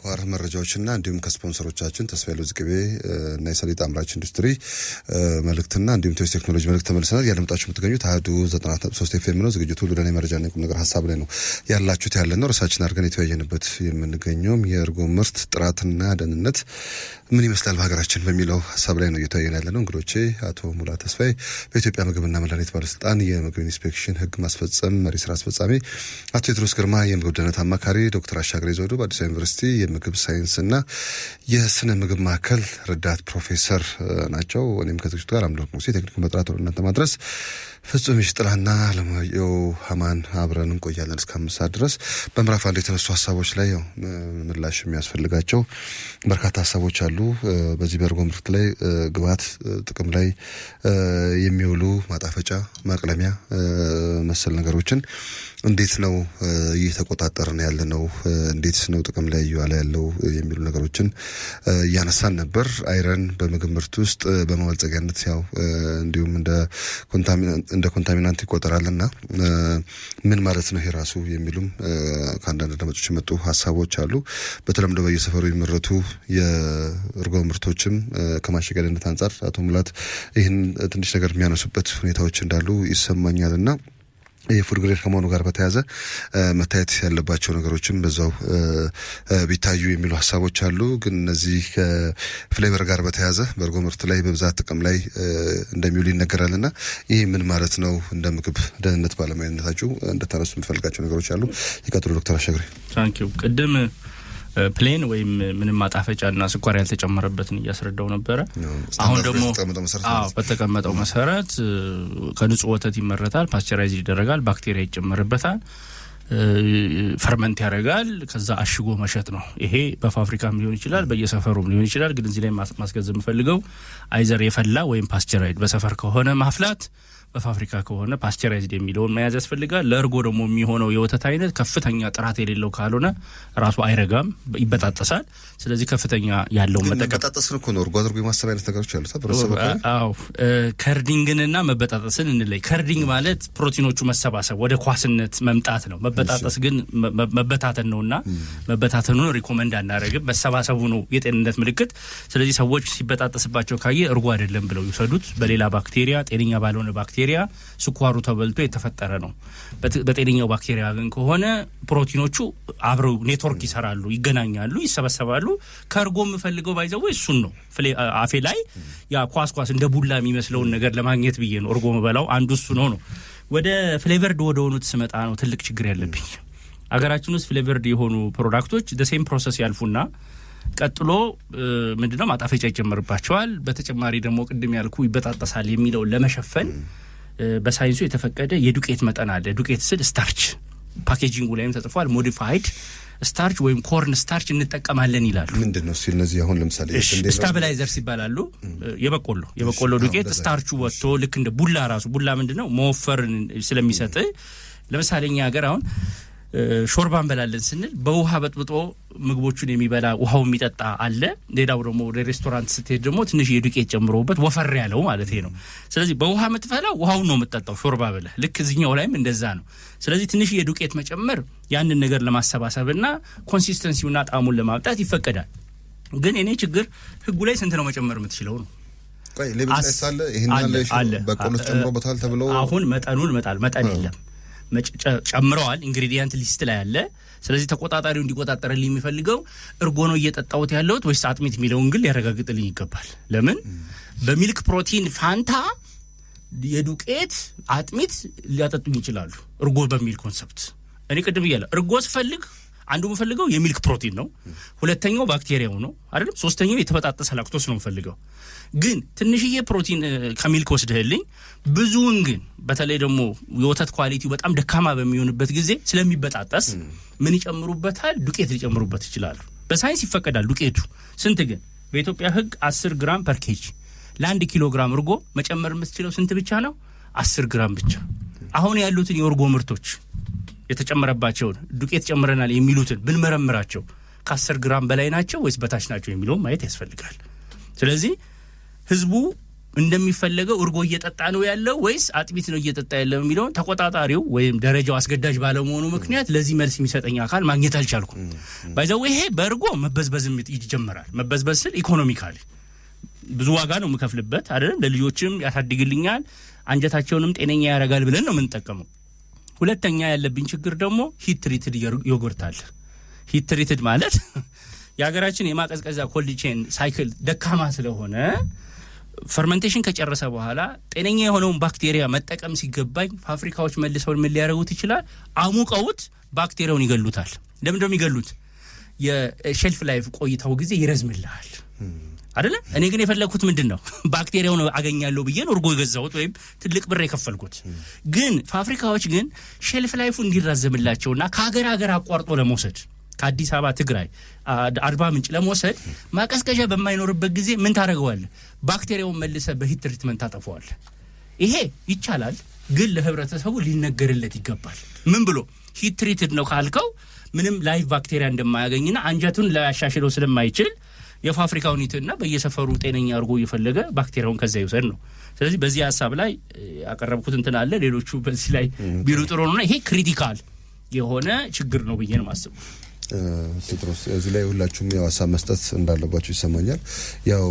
አንኳር መረጃዎችና እንዲሁም ከስፖንሰሮቻችን ተስፋ ያለው ዝቅቤ እና የሰሊጥ አምራች ኢንዱስትሪ መልእክትና እንዲሁም ቴስ ቴክኖሎጂ መልእክት ተመልሰናል። ያለምጣችሁ የምትገኙት አህዱ 93 ኤፍ ኤም ነው። ዝግጅቱ ሁሉ ለእኔ መረጃ ቁም ነገር ሀሳብ ላይ ነው ያላችሁት ያለ ነው። ርዕሳችን አድርገን የተወያየንበት የምንገኘውም የእርጎ ምርት ጥራትና ደህንነት ምን ይመስላል በሀገራችን በሚለው ሀሳብ ላይ ነው እየተወያየን ያለ ነው። እንግዶቼ አቶ ሙላ ተስፋይ በኢትዮጵያ ምግብና መድኃኒት ባለስልጣን የምግብ ኢንስፔክሽን ህግ ማስፈጸም መሪ ስራ አስፈጻሚ፣ አቶ ቴድሮስ ግርማ የምግብ ደህንነት አማካሪ፣ ዶክተር አሻግሬ ዘውዱ በአዲስ አበባ ዩኒቨርሲቲ የምግብ ሳይንስ እና የስነ ምግብ ማዕከል ረዳት ፕሮፌሰር ናቸው። እኔም ከዝግጅቱ ጋር አምዶት ሙሴ፣ ቴክኒክ መጥራት ወደ እናንተ ማድረስ ፍጹም ሽጥላና አለማየሁ ሀማን አብረን እንቆያለን እስከ አምስት ሰዓት ድረስ። በምዕራፍ አንድ የተነሱ ሀሳቦች ላይ ያው ምላሽ የሚያስፈልጋቸው በርካታ ሀሳቦች አሉ። በዚህ በእርጎ ምርት ላይ ግብዓት ጥቅም ላይ የሚውሉ ማጣፈጫ፣ ማቅለሚያ መሰል ነገሮችን እንዴት ነው እየተቆጣጠርን ያለ ነው? እንዴት ነው ጥቅም ላይ እየዋለ ያለው የሚሉ ነገሮችን እያነሳን ነበር። አይረን በምግብ ምርት ውስጥ በመበልጸጊያነት ያው እንዲሁም እንደ ኮንታሚናንት ይቆጠራል እና ምን ማለት ነው የራሱ የሚሉም ከአንዳንድ አድማጮች የመጡ ሀሳቦች አሉ። በተለምዶ በየሰፈሩ የሚመረቱ የእርጎ ምርቶችም ከማሸጋደነት አንጻር አቶ ሙላት ይህን ትንሽ ነገር የሚያነሱበት ሁኔታዎች እንዳሉ ይሰማኛልና የፉድ ግሬድ ከመሆኑ ጋር በተያዘ መታየት ያለባቸው ነገሮችም በዛው ቢታዩ የሚሉ ሀሳቦች አሉ። ግን እነዚህ ከፍሌቨር ጋር በተያዘ በእርጎ ምርት ላይ በብዛት ጥቅም ላይ እንደሚውል ይነገራል እና ይህ ምን ማለት ነው? እንደ ምግብ ደህንነት ባለሙያነታችሁ እንደታነሱ የሚፈልጋቸው ነገሮች አሉ። ይቀጥሉ ዶክተር አሸግሬ ታንኪው ቅድም ፕሌን ወይም ምንም ማጣፈጫና ስኳር ያልተጨመረበትን እያስረዳው ነበረ። አሁን ደግሞ በተቀመጠው መሰረት ከንጹህ ወተት ይመረታል፣ ፓስቸራይዝ ይደረጋል፣ ባክቴሪያ ይጨመርበታል፣ ፈርመንት ያደርጋል። ከዛ አሽጎ መሸጥ ነው። ይሄ በፋብሪካም ሊሆን ይችላል፣ በየሰፈሩም ሊሆን ይችላል። ግን እዚህ ላይ ማስገዝ የምፈልገው አይዘር የፈላ ወይም ፓስቸራይድ በሰፈር ከሆነ ማፍላት በፋብሪካ ከሆነ ፓስቸራይዝድ የሚለውን መያዝ ያስፈልጋል። ለእርጎ ደግሞ የሚሆነው የወተት አይነት ከፍተኛ ጥራት የሌለው ካልሆነ ራሱ አይረጋም፣ ይበጣጠሳል። ስለዚህ ከፍተኛ ያለው መጠቀጣጠስን እኮ ነው እርጎ አድርጎ የማሰብ አይነት ነገሮች አዎ፣ ከርዲንግንና መበጣጠስን እንለይ። ከርዲንግ ማለት ፕሮቲኖቹ መሰባሰብ ወደ ኳስነት መምጣት ነው። መበጣጠስ ግን መበታተን ነው እና መበታተኑን ሪኮመንድ አናደርግም። መሰባሰቡ ነው የጤንነት ምልክት። ስለዚህ ሰዎች ሲበጣጠስባቸው ካየ እርጎ አይደለም ብለው ይውሰዱት። በሌላ ባክቴሪያ ጤነኛ ባልሆነ ባክቴሪያ ባክቴሪያ ስኳሩ ተበልቶ የተፈጠረ ነው። በጤነኛው ባክቴሪያ ግን ከሆነ ፕሮቲኖቹ አብረው ኔትወርክ ይሰራሉ፣ ይገናኛሉ፣ ይሰበሰባሉ። ከእርጎ የምፈልገው ባይዘው እሱን ነው። አፌ ላይ ያ ኳስ ኳስ እንደ ቡላ የሚመስለውን ነገር ለማግኘት ብዬ ነው እርጎ መበላው አንዱ እሱ ነው ነው ወደ ፍሌቨርድ ወደ ሆኑት ስመጣ ነው ትልቅ ችግር ያለብኝ። አገራችን ውስጥ ፍሌቨርድ የሆኑ ፕሮዳክቶች ደሴም ፕሮሰስ ያልፉና ቀጥሎ ምንድነው ማጣፈጫ ይጨመርባቸዋል። በተጨማሪ ደግሞ ቅድም ያልኩ ይበጣጠሳል የሚለውን ለመሸፈን በሳይንሱ የተፈቀደ የዱቄት መጠን አለ። ዱቄት ስል ስታርች ፓኬጂንጉ ላይም ተጽፏል። ሞዲፋይድ ስታርች ወይም ኮርን ስታርች እንጠቀማለን ይላሉ። ምንድን ነው እነዚህ? አሁን ለምሳሌ ስታብላይዘርስ ይባላሉ። የበቆሎ የበቆሎ ዱቄት ስታርቹ ወጥቶ ልክ እንደ ቡላ ራሱ ቡላ ምንድን ነው መወፈር ስለሚሰጥ ለምሳሌ እኛ ሀገር አሁን ሾርባ እንበላለን ስንል በውሃ በጥብጦ ምግቦቹን የሚበላ ውሃው የሚጠጣ አለ። ሌላው ደግሞ ወደ ሬስቶራንት ስትሄድ ደግሞ ትንሽ የዱቄት ጨምሮበት ወፈር ያለው ማለት ነው። ስለዚህ በውሃ የምትፈላው ውሃውን ነው የምትጠጣው ሾርባ ብለህ። ልክ እዚኛው ላይም እንደዛ ነው። ስለዚህ ትንሽ የዱቄት መጨመር ያንን ነገር ለማሰባሰብና ኮንሲስተንሲውና ጣዕሙን ለማምጣት ይፈቀዳል። ግን እኔ ችግር ህጉ ላይ ስንት ነው መጨመር የምትችለው ነው አሁን መጠኑን መጣል መጠን የለም ጨምረዋል። ኢንግሪዲየንት ሊስት ላይ አለ። ስለዚህ ተቆጣጣሪው እንዲቆጣጠርልኝ የሚፈልገው እርጎ ነው እየጠጣሁት ያለሁት ወይስ አጥሚት የሚለውን ግን ሊያረጋግጥልኝ ይገባል። ለምን በሚልክ ፕሮቲን ፋንታ የዱቄት አጥሚት ሊያጠጡኝ ይችላሉ፣ እርጎ በሚል ኮንሰፕት። እኔ ቅድም እያለ እርጎ ስፈልግ አንዱ የምፈልገው የሚልክ ፕሮቲን ነው። ሁለተኛው ባክቴሪያው ነው አይደለም። ሶስተኛው የተበጣጠሰ ላክቶስ ነው የምፈልገው። ግን ትንሽዬ ፕሮቲን ከሚልክ ወስደህልኝ ብዙውን ግን በተለይ ደግሞ የወተት ኳሊቲው በጣም ደካማ በሚሆንበት ጊዜ ስለሚበጣጠስ ምን ይጨምሩበታል? ዱቄት ሊጨምሩበት ይችላሉ። በሳይንስ ይፈቀዳል። ዱቄቱ ስንት ግን በኢትዮጵያ ሕግ አስር ግራም ፐር ኬጂ ለአንድ ኪሎ ግራም እርጎ መጨመር የምትችለው ስንት ብቻ ነው? አስር ግራም ብቻ። አሁን ያሉትን የእርጎ ምርቶች የተጨመረባቸውን ዱቄት ጨምረናል የሚሉትን ብንመረምራቸው ከአስር ግራም በላይ ናቸው ወይስ በታች ናቸው የሚለውን ማየት ያስፈልጋል። ስለዚህ ህዝቡ እንደሚፈለገው እርጎ እየጠጣ ነው ያለው ወይስ አጥቢት ነው እየጠጣ ያለው የሚለውን ተቆጣጣሪው ወይም ደረጃው አስገዳጅ ባለመሆኑ ምክንያት ለዚህ መልስ የሚሰጠኝ አካል ማግኘት አልቻልኩም። ባይዘው ይሄ በእርጎ መበዝበዝ ይጀመራል። መበዝበዝ ስል ኢኮኖሚካል ብዙ ዋጋ ነው የምከፍልበት አይደለም፣ ለልጆችም ያሳድግልኛል፣ አንጀታቸውንም ጤነኛ ያደርጋል ብለን ነው የምንጠቀመው። ሁለተኛ ያለብኝ ችግር ደግሞ ሂት ትሪትድ ዮጉርት አለ። ሂት ትሪትድ ማለት የሀገራችን የማቀዝቀዛ ኮልድ ቼን ሳይክል ደካማ ስለሆነ ፈርመንቴሽን ከጨረሰ በኋላ ጤነኛ የሆነውን ባክቴሪያ መጠቀም ሲገባኝ ፋብሪካዎች መልሰውን ምን ሊያደርጉት ይችላል? አሙቀውት ባክቴሪያውን ይገሉታል። ለምንድነው የሚገሉት? የሼልፍ ላይፍ ቆይታው ጊዜ ይረዝምልሃል። hmm. አደለ? እኔ ግን የፈለግኩት ምንድን ነው ባክቴሪያውን አገኛለሁ ብዬ እርጎ የገዛሁት ወይም ትልቅ ብር የከፈልኩት። ግን ፋብሪካዎች ግን ሼልፍ ላይፉ እንዲራዘምላቸው እና ከሀገር ሀገር አቋርጦ ለመውሰድ ከአዲስ አበባ ትግራይ፣ አርባ ምንጭ ለመውሰድ ማቀዝቀዣ በማይኖርበት ጊዜ ምን ታደርገዋል ባክቴሪያውን መልሰ በሂት ትሪትመንት ታጠፈዋል ይሄ ይቻላል፣ ግን ለህብረተሰቡ ሊነገርለት ይገባል። ምን ብሎ ሂት ትሪትድ ነው ካልከው ምንም ላይቭ ባክቴሪያ እንደማያገኝና አንጀቱን ላያሻሽለው ስለማይችል የፋብሪካ ዩኒትና በየሰፈሩ ጤነኛ አድርጎ እየፈለገ ባክቴሪያውን ከዛ ይውሰድ ነው። ስለዚህ በዚህ ሀሳብ ላይ ያቀረብኩት እንትን አለ። ሌሎቹ በዚህ ላይ ቢሉ ጥሩ ነው ይሄ ክሪቲካል የሆነ ችግር ነው ብዬ ነው ማስቡ። ቴድሮስ እዚህ ላይ ሁላችሁም ያው ሀሳብ መስጠት እንዳለባቸው ይሰማኛል ያው